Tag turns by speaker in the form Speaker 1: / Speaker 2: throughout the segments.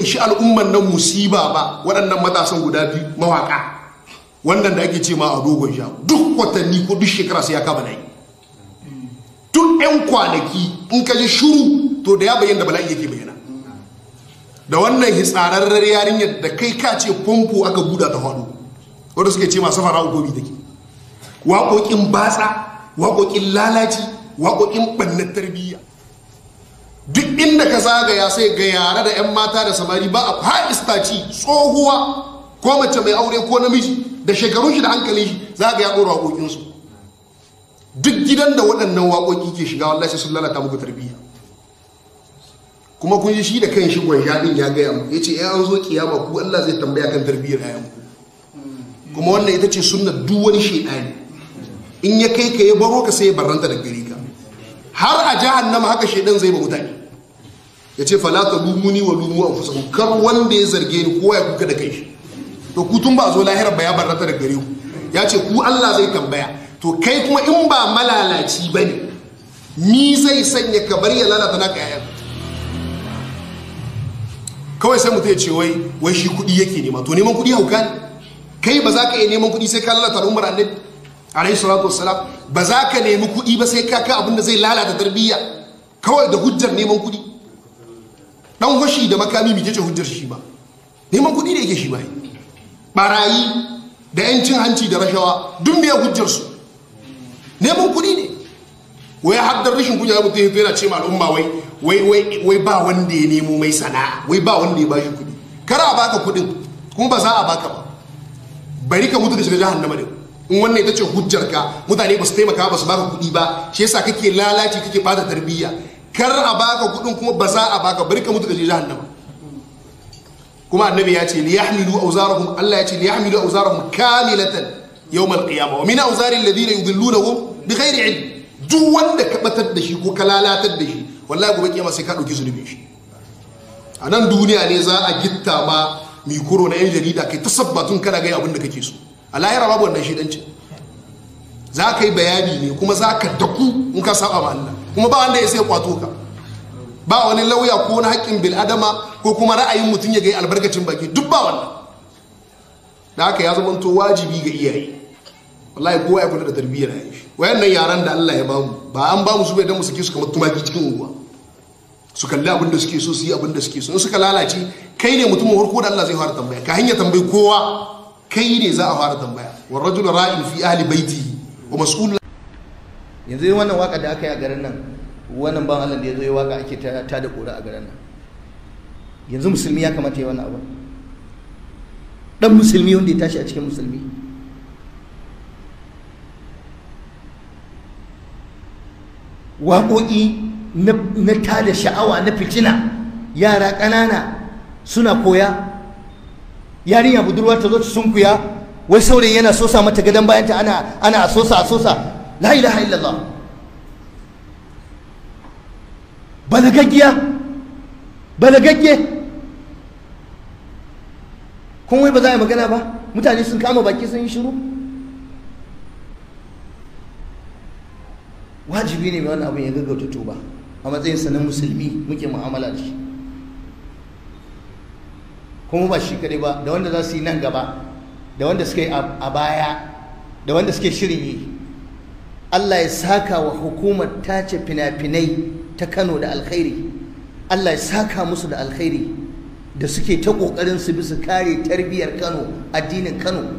Speaker 1: shi al'umman nan musiba ba waɗannan matasan guda biyu mawaƙa wannan da ake ce ma a dogon sha duk watanni ko duk shekara sai ya kama nayi tun 'yan kwanaki in ka ji shuru to da ya bayyana da bala'i yake bayyana da wannan hitsararren yarinyar da kai ka ce famfo aka buda ta hadu wanda suke ce masu fara ugobi ke. waƙoƙin batsa waƙoƙin lalaci waƙoƙin ɓannar tarbiyya ka zagaya sai ga yare da 'yan mata da samari ba a kwa istaci tsohuwa ko mace mai aure ko namiji da shekarun shi da hankali shi zagaya ɗora waƙoƙinsu duk gidan da waɗannan waƙoƙi ke shiga wallahi sai sun lalata muku tarbiyya kuma kun yi shi da kan shi gwanjaɗin ya gaya mu ya ce ya an zo kiyama ku Allah zai tambaya kan tarbiyyar ayan kuma wannan ita ce sunnar duk wani shaidani in ya kai ka ya baro ka sai baranta da gari ka har a jahannama haka shaidan zai ba mutane ya ce falata lumuni wa lumu a fusa kar wanda ya zarge ni kowa ya kuka da kai to ku tun ba zo lahirar ba ya barata da gare ku ya ce ku Allah zai tambaya to kai kuma in ba malalaci ba ne ni zai sanya ka bari ya lalata naka yayan kawai sai mutum ya ce wai shi kuɗi yake nema to neman kuɗi hauka ne kai ba za ka iya neman kuɗi sai ka lalata al'ummar annabi alaihi salatu wassalam ba za ka nemi kuɗi ba sai ka ka abin da zai lalata tarbiyya kawai da hujjar neman kuɗi dan hoshi da makami bai ce hujjar shi ba neman kuɗi da yake shi bai barayi da yancin hanci da rashawa duk me hujjar su neman kuɗi ne wai haddar rashin kunya mutum ya fera ce ma al'umma wai wai ba wanda ya nemo mai sana'a wai ba wanda ya bashi kuɗi kara a baka kuɗin kuma ba za a baka ba bari ka mutu ka shiga jahannama da in wannan ita ce hujjar ka mutane ba su taimaka ba su baka kuɗi ba shi yasa kake lalaci kake bata tarbiyya kar a baka kudin kuma ba za a baka bari ka mutu ka je jahannama kuma annabi ya ce li yahmilu awzarahum Allah ya ce li yahmilu awzarahum kamilatan yawm al-qiyamah wa min awzari alladhina yudhillunahum bighairi ilm duk wanda ka batar da shi ko ka lalatar da shi wallahi gobe kiyama sai ka dauki zunubin shi a nan duniya ne za a gitta ma mikoro na yan jarida kai tasabbatun kana ga abin da kake so a lahira babu wannan shi dan ce za ka yi bayani ne kuma za ka daku in ka saba ma Allah kuma ba wanda ya sai kwato ka ba wani lauya ko na haƙƙin bil'adama ko kuma ra'ayin mutum ya gai albarkacin baki duk ba wannan da haka ya zama to wajibi ga iyaye wallahi kowa ya kula da tarbiyyar yayi wayannan yaran da Allah ya bamu ba an bamu su bai dan musu sake su kamar tumaki cikin uwa su kalli abin da suke so su yi abin da suke so in suka lalace kai ne mutumin harko da Allah zai fara tambaya ka hanya tambayi kowa kai ne za a fara tambaya wa rajul ra'in fi ahli baiti wa mas'ul
Speaker 2: yanzu yi wannan waka da aka yi a garin nan wannan ban Allah da ya zo ya waka ake ta da kura a garin nan yanzu musulmi ya kamata ya wannan abu dan musulmi wanda ya tashi a cikin musulmi waƙoƙi na tada sha'awa na fitina yara ƙanana suna koya yarinya budurwa ta zo ta sunkuya wai saurayi yana sosa mata gadon bayanta ana a sosa a sosa la ilaha illallah Balagagiya. balagagge kun wai ba za a yi magana ba mutane sun kama baki sun yi shiru wajibi ne mai wannan abin ya gaggauta tuba a matsayinsa na musulmi muke mu'amala da shi kuma ba shi kaɗai ba da wanda za su yi nan gaba da wanda suka yi a baya da wanda suke shirin yi Allah ya saka wa hukumar tace fina-finai ta Kano da alkhairi Allah ya saka musu da alkhairi da suke ta ƙoƙarin su bi su kare tarbiyar Kano addinin Kano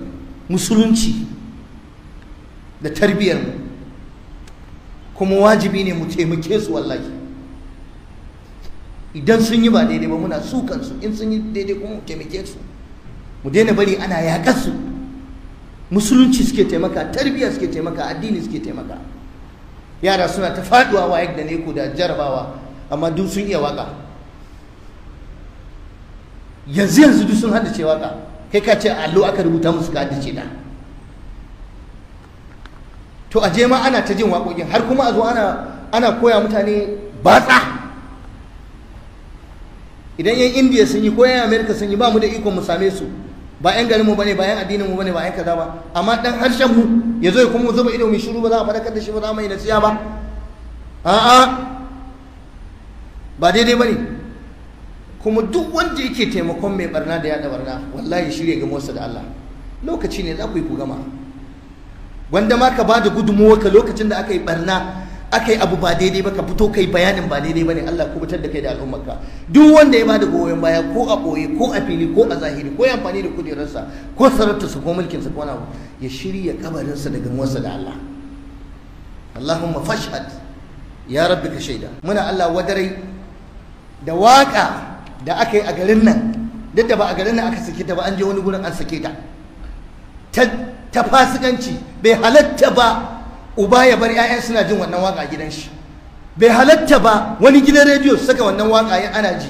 Speaker 2: musulunci da tarbiyar mu kuma wajibi ne mu taimake su wallahi idan sun yi ba daidai ba muna su kansu, in sun yi daidai kuma mu taimake su mu daina bari ana yaƙar su musulunci suke taimaka tarbiyya suke taimaka addini suke taimaka yara suna ta faduwa wayek da neko da jarabawa amma duk sun iya waka yanzu yanzu duk sun haddace waka kai ka ce allo aka rubuta musu ka haddace da to a je ma ana ta jin waƙoƙin har kuma a zo ana koya mutane batsa idan yan indiya sun yi ko yan amerika sun yi ba mu da ikon mu same su ba yan garin mu bane ba yan addinin mu bane ba yan kaza ba amma dan harshen mu yazo ya kuma zuba ido mai shiru ba za a faɗakar da shi ba za a mai nasiya ba a'a ba daidai bane kuma duk wanda yake taimakon mai barna da yada barna wallahi shirye ga motsa da Allah lokaci ne za ku yi ku gama wanda ma ka bada gudunmuwa ka lokacin da aka yi barna aka yi abu ba daidai ba ka fito kai bayanin ba daidai ba ne Allah kubutar da kai da al'ummarka duk wanda ya bada goyon baya ko a ɓoye ko a fili ko a zahiri ko ya amfani da kujerarsa ko su ko su ko wani ya shirya kabarinsa da gamuwarsa da Allah Allahumma fashhad ya rabbi ka shaida muna Allah wadarai da waka da aka yi a garin nan duk da ba a garin nan aka sake ta ba an je wani gurin an sake ta ta fasikanci bai halatta ba uba ya bar 'ya'yan suna jin wannan waka gidan shi bai halatta ba wani gidan rediyo su saka wannan waka ya ana ji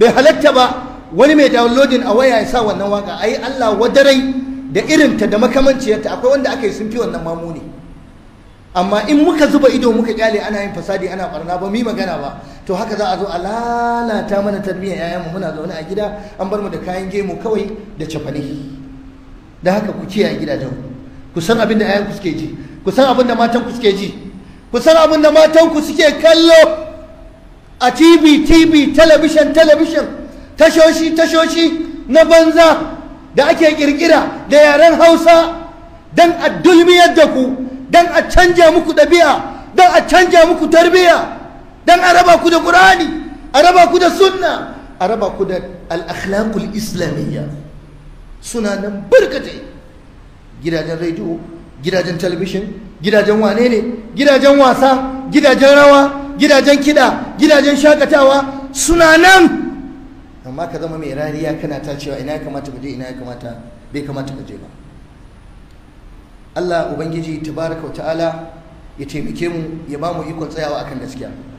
Speaker 2: bai halatta ba wani mai downloading a waya ya sa wannan waka ayi Allah wadarai da irinta da makamanciyarta akwai wanda aka yi sun fi wannan mamu ne amma in muka zuba ido muka kyale ana yin fasadi ana barna ba mu magana ba to haka za a zo a lalata mana tarbiyyar mu muna zaune a gida an bar mu da kayan gemu kawai da cafane da haka ku kiyaye gidajen ku san abin da ku suke ji ku san abin da matanku suke ji ku san abin da matanku suke kallo a tv tv talabishin talabishin tashoshi tashoshi na banza da ake kirkira da yaren hausa don a dulmiyar da ku don a canja muku ɗabi'a don a canja muku tarbiyya don a raba ku da ƙur'ani a raba ku da sunna a raba ku da al'akhlaqul islamiyya suna nan barkatai gidajen rediyo gidajen talabishin gidajen wane ne gidajen wasa gidajen rawa gidajen kida, gidajen shakatawa suna nan amma ka zama mai rariya kana ta cewa ina ya kamata ka je ina ya kamata bai kamata ka je ba Allah ubangiji tabaraka wa ta'ala ya taimake mu ya ba mu ikon tsayawa akan gaskiya